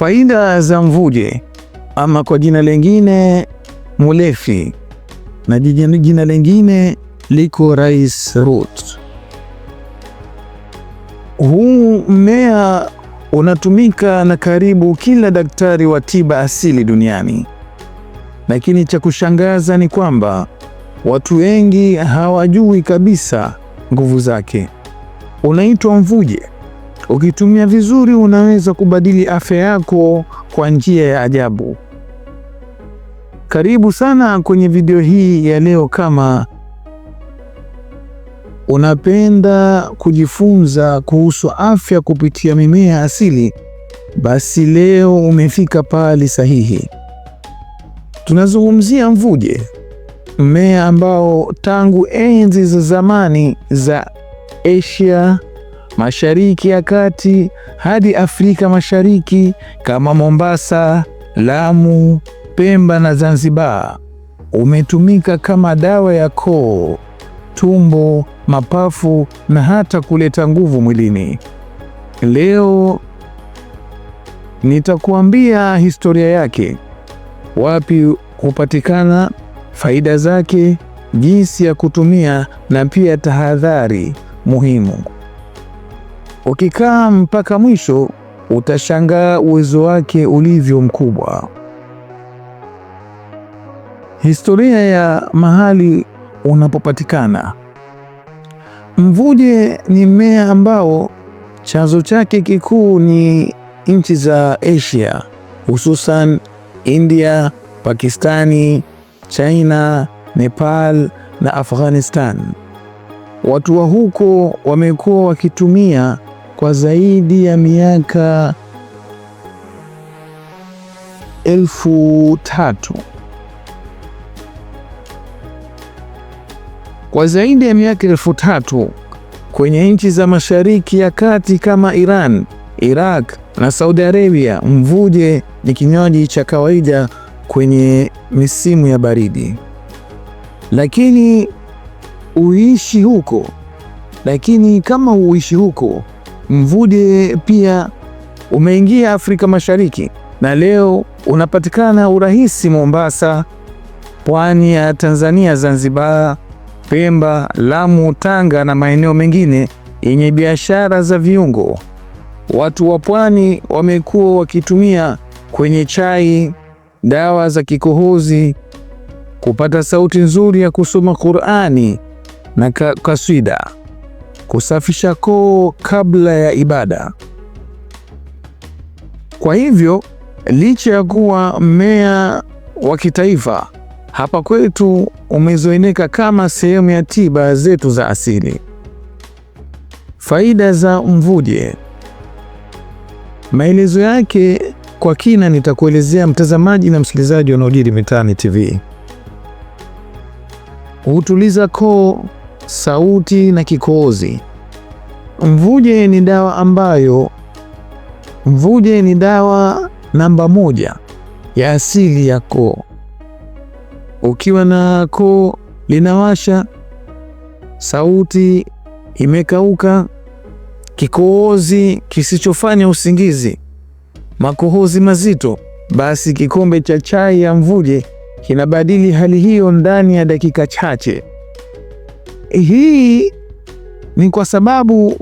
Faida za mvuje ama kwa jina lengine mulefi na jina lengine rais root. Huu mmea unatumika na karibu kila daktari wa tiba asili duniani, lakini cha kushangaza ni kwamba watu wengi hawajui kabisa nguvu zake. Unaitwa mvuje Ukitumia vizuri, unaweza kubadili afya yako kwa njia ya ajabu. Karibu sana kwenye video hii ya leo. Kama unapenda kujifunza kuhusu afya kupitia mimea asili, basi leo umefika pahali sahihi. Tunazungumzia mvuje, mmea ambao tangu enzi za zamani za Asia Mashariki ya Kati hadi Afrika Mashariki kama Mombasa, Lamu, Pemba na Zanzibar. Umetumika kama dawa ya koo, tumbo, mapafu na hata kuleta nguvu mwilini. Leo nitakuambia historia yake, wapi hupatikana, faida zake, jinsi ya kutumia na pia tahadhari muhimu. Ukikaa mpaka mwisho utashangaa uwezo wake ulivyo mkubwa. Historia ya mahali unapopatikana. Mvuje ni mmea ambao chanzo chake kikuu ni nchi za Asia, hususan India, Pakistani, China, Nepal na Afghanistan. Watu wa huko wamekuwa wakitumia kwa zaidi ya miaka elfu tatu kwa zaidi ya miaka elfu tatu kwenye nchi za Mashariki ya Kati kama Iran, Iraq na Saudi Arabia, mvuje ni kinywaji cha kawaida kwenye misimu ya baridi, lakini uishi huko. Lakini kama uishi huko Mvude pia umeingia Afrika Mashariki na leo unapatikana urahisi Mombasa, pwani ya Tanzania, Zanzibar, Pemba, Lamu, Tanga na maeneo mengine yenye biashara za viungo. Watu wa pwani wamekuwa wakitumia kwenye chai, dawa za kikohozi, kupata sauti nzuri ya kusoma Qur'ani na kaswida kusafisha koo kabla ya ibada. Kwa hivyo, licha ya kuwa mmea wa kitaifa, hapa kwetu umezoeneka kama sehemu ya tiba zetu za asili. Faida za mvuje. Maelezo yake kwa kina nitakuelezea mtazamaji na msikilizaji wanaojiri mitaani TV. Hutuliza koo sauti na kikohozi. Mvuje ni dawa ambayo mvuje ni dawa namba moja ya asili ya koo. Ukiwa na koo linawasha, sauti imekauka, kikohozi kisichofanya usingizi, makohozi mazito, basi kikombe cha chai ya mvuje kinabadili hali hiyo ndani ya dakika chache. Hii ni kwa sababu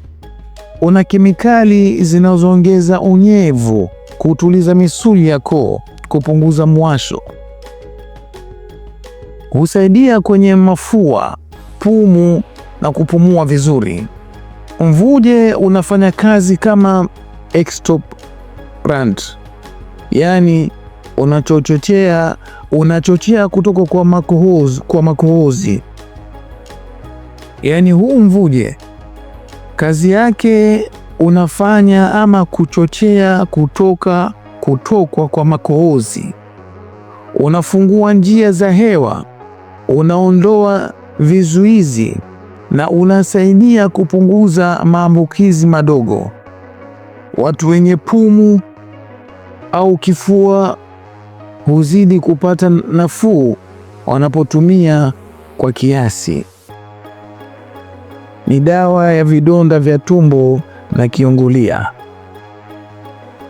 una kemikali zinazoongeza unyevu, kutuliza misuli ya koo, kupunguza mwasho, husaidia kwenye mafua, pumu na kupumua vizuri. Mvuje unafanya kazi kama expectorant, yaani unachochochea unachochea kutoka kwa makohozi, kwa makohozi. Yaani huu mvuje kazi yake unafanya ama kuchochea kutoka kutokwa kwa makohozi, unafungua njia za hewa, unaondoa vizuizi na unasaidia kupunguza maambukizi madogo. Watu wenye pumu au kifua huzidi kupata nafuu wanapotumia kwa kiasi ni dawa ya vidonda vya tumbo na kiungulia.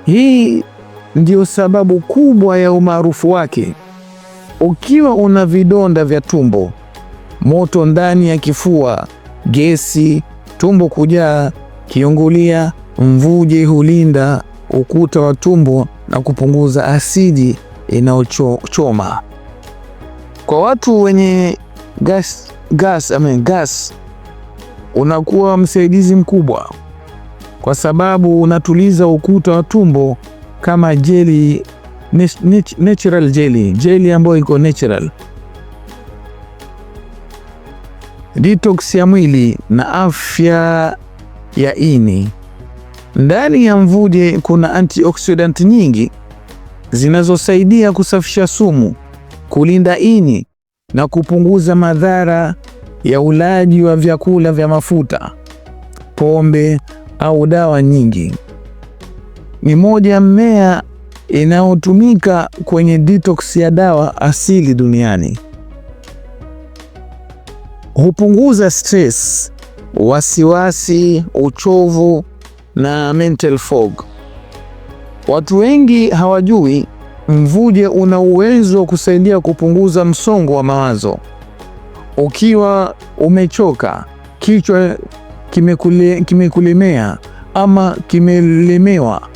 Hii ndiyo sababu kubwa ya umaarufu wake. Ukiwa una vidonda vya tumbo, moto ndani ya kifua, gesi, tumbo kujaa, kiungulia, mvuje, hulinda ukuta wa tumbo na kupunguza asidi inayochoma. Kwa watu wenye gas, gas, I mean gas unakuwa msaidizi mkubwa, kwa sababu unatuliza ukuta wa tumbo kama jeli, natural jeli, jeli ambayo iko natural. Detox ya mwili na afya ya ini. Ndani ya mvuje kuna antioxidant nyingi zinazosaidia kusafisha sumu, kulinda ini na kupunguza madhara ya ulaji wa vyakula vya mafuta, pombe au dawa nyingi. Ni moja mmea inayotumika kwenye detox ya dawa asili duniani. Hupunguza stress, wasiwasi, uchovu na mental fog. Watu wengi hawajui mvuje una uwezo wa kusaidia kupunguza msongo wa mawazo ukiwa umechoka, kichwa kimekule, kimekulemea ama kimelemewa,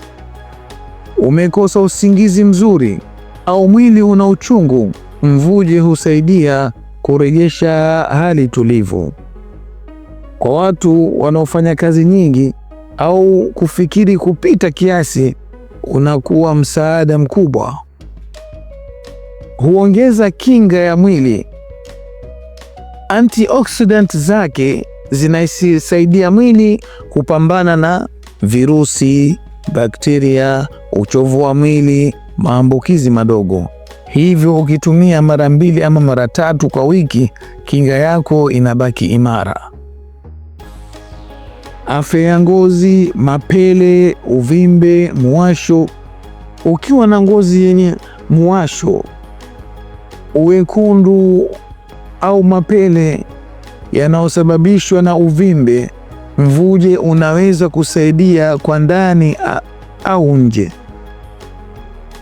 umekosa usingizi mzuri au mwili una uchungu, mvuje husaidia kurejesha hali tulivu. Kwa watu wanaofanya kazi nyingi au kufikiri kupita kiasi, unakuwa msaada mkubwa. Huongeza kinga ya mwili antioxidant zake zinaisaidia mwili kupambana na virusi, bakteria, uchovu wa mwili, maambukizi madogo. Hivyo ukitumia mara mbili ama mara tatu kwa wiki, kinga yako inabaki imara. Afya ya ngozi, mapele, uvimbe, muwasho. Ukiwa na ngozi yenye muwasho, uwekundu au mapele yanayosababishwa na uvimbe, mvuje unaweza kusaidia kwa ndani au nje.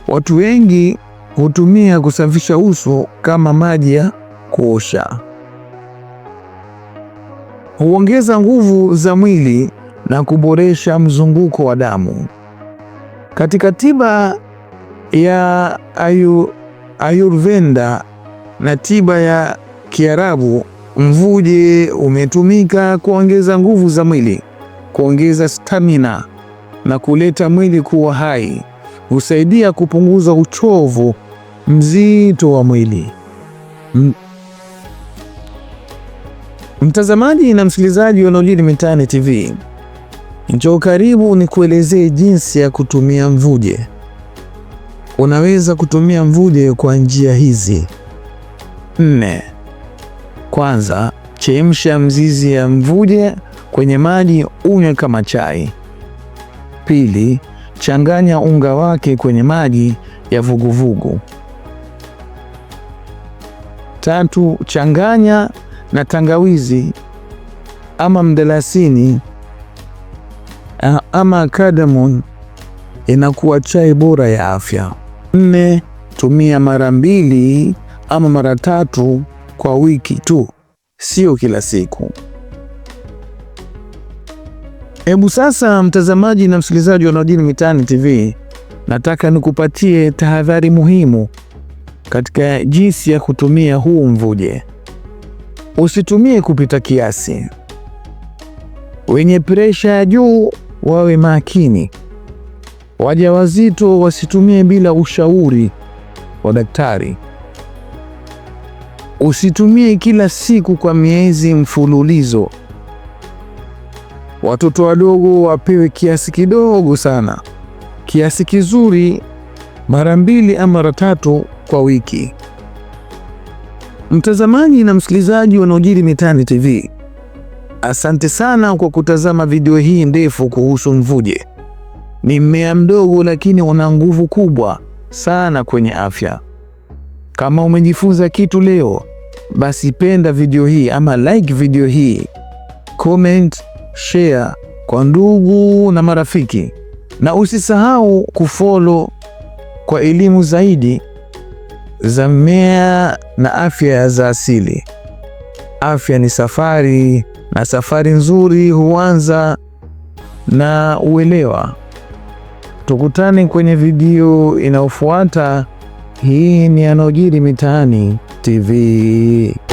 Watu wengi hutumia kusafisha uso kama maji ya kuosha. Huongeza nguvu za mwili na kuboresha mzunguko wa damu. Katika tiba ya Ayurveda na tiba ya Kiarabu, mvuje umetumika kuongeza nguvu za mwili, kuongeza stamina na kuleta mwili kuwa hai. Husaidia kupunguza uchovu mzito wa mwili. M mtazamaji na msikilizaji wa yanayojiri mitaani TV, njoo karibu ni kuelezee jinsi ya kutumia mvuje. Unaweza kutumia mvuje kwa njia hizi nne. Kwanza chemsha mzizi ya mvuje kwenye maji unywe kama chai. Pili, changanya unga wake kwenye maji ya vuguvugu. Tatu, changanya na tangawizi ama mdalasini ama cardamom, inakuwa chai bora ya afya. Nne, tumia mara mbili ama mara tatu kwa wiki tu, sio kila siku. Hebu sasa, mtazamaji na msikilizaji wa yanayojiri mitaani TV, nataka nikupatie tahadhari muhimu katika jinsi ya kutumia huu mvuje. Usitumie kupita kiasi. Wenye presha ya juu wawe makini. Wajawazito wasitumie bila ushauri wa daktari. Usitumie kila siku kwa miezi mfululizo. Watoto wadogo wapewe kiasi kidogo sana, kiasi kizuri, mara mbili ama mara tatu kwa wiki. Mtazamaji na msikilizaji yanayojiri mitaani TV, asante sana kwa kutazama video hii ndefu kuhusu mvuje. Ni mmea mdogo lakini una nguvu kubwa sana kwenye afya. Kama umejifunza kitu leo basi penda video hii ama like video hii, comment, share kwa ndugu na marafiki, na usisahau kufollow kwa elimu zaidi za mimea na afya za asili. Afya ni safari, na safari nzuri huanza na uelewa. Tukutane kwenye video inayofuata. Hii ni yanayojiri mitaani. TV.